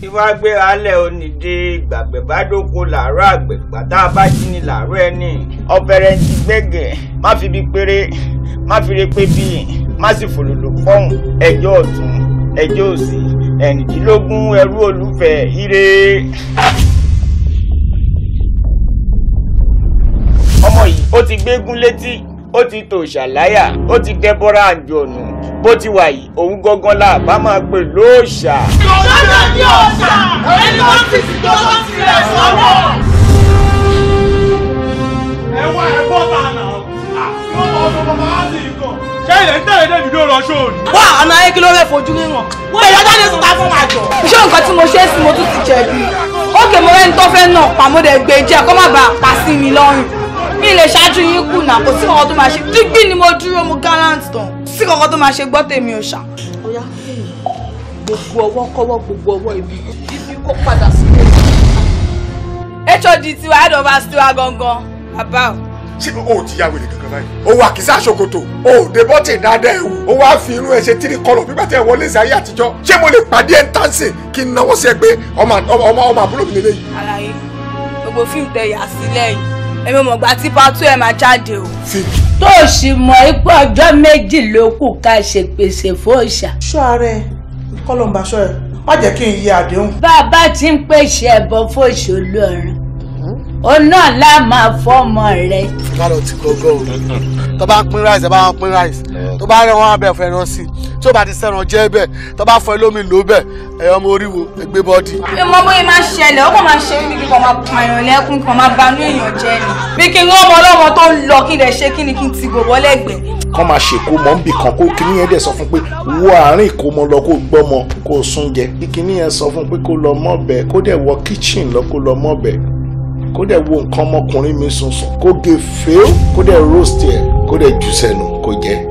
tí wàá gbéra lẹ̀ onídé gbàgbẹ́ bá dóko làárọ̀ àgbẹ̀ gbàtà bá ni làárọ̀ ẹni. ọ̀bẹ̀rẹ̀ ti gbẹ̀gẹ̀ má fi bí péré má fi re pé bí má sì fòlòlò fọ́hùn ẹjọ́ ọ̀tún ẹjọ́ òsì ẹ̀rìndínlógún ẹrú olùfẹ́ ire. ọmọ yìí ó ti gbégún létí ó ti tòṣà láyà ó ti dẹ́bọ́ra àjọ̀nù bó ti wà yìí òun gangan la bá máa pè lóòṣà. ìjọba ní ọ̀sà ẹni wọ́n ti sì tó tó tilẹ̀ sọ́wọ́. ẹ wá ẹ bọ́ bá a nà ọ́ àti ọmọ ọdún bàbá wa sì kàn. ṣé ilẹ̀ ń tẹ̀lé débi ló rọ sóòrì. wá àmọ́ ayé kí ló rẹ̀ fojú ríran. pẹ̀lú ọjọ́ ní sùpà fún àjọ. ṣé nǹkan tí mo ṣe é sí mo tún ti jẹ̀bi. ó kè mo rẹ́ni tó fẹ́ náà pàmòdè gbé jẹ́ kó má bàa pa sí mi lọ́rùn. mi lè ṣáájú yín kùnà kò sí ọ̀rọ̀ sí kankan tó máa ṣe gbọ́ tèmi ò ṣá. ọ̀yá gbogbo ọwọ́ kọ́wọ́ gbogbo ọwọ́ ibi ibi kó padà sílé. hod tiwa head of us tiwa gangan bàbá o. ṣé o ti ya wèrè kankan báyìí o wà kìsà ṣòkòtò o ò dé bọ́tì dáadáa ẹ̀wù o wá fi irun ẹ̀ ṣe tírí kọlọ̀ nígbà tí ẹ̀ wọlé sí ayé àtijọ́ ṣé mo lè pàdé ẹ̀ ń tàǹsì kí n náwó sí ẹ pé ọmọ àbúrò mi lélẹ́yìí. àlàyé gbogbo fíìmù tẹ yà sílẹ̀ yìí èmi mọ̀ gbà tí pátú ẹ̀ máa jáde o. tó o sì mọ ipò ọjọ́ méjì ló kù ká ṣe pèsè fóòṣà. sọ ara ẹ kọlọmbà sọ ẹ má jẹ́ kí n yí àdéhùn. bàbá ti ń pèsè ẹbọ fóòṣà olóòrùn òun náà lá máa fọmọ rẹ. kárọ̀tì gbogbo tó bá pín ráìsì tó bá pín ráìsì tó bá rẹ̀ wọ́n abẹ́ fẹ́ràn sí i tí ó bá ti sẹ́ran jẹ́ bẹ́ẹ̀ tó bá fọ ẹlómi lò bẹ́ẹ̀ ẹ̀yọ́ ọmọ orí ẹgbẹ́ bọ́ọ̀dì. ọmọ bóyá máa ṣẹlẹ̀ ó máa ṣe mí kíkan máa pààyàn lẹ́kùn kíkan máa banú èèyàn jẹ́ ni. bí kí n rán ọmọ ọlọ́mọ tó ń lọ kí n ṣe kí ni kí n ti gò wọ́lẹ́gbẹ̀ẹ́. kọ́ máa ṣèkó mọ́ níbì kan kó kíní yẹn dẹ̀ sọ fún pé wo àárín ìkómọ lọ kó gbọ́mọ kó sún jẹ kí kíní sọ fún pé kó lọ mọ́bẹ̀ kó dẹ̀ wọ kíchìn lọ kó lọ mọ́bẹ̀ kó dẹ̀ wo nǹkan ọmọkùnrin mi sùn sùn kó ge fèé kó dẹ̀ roast ẹ̀ kó dẹ̀ jù sẹ́nu kó jẹ́.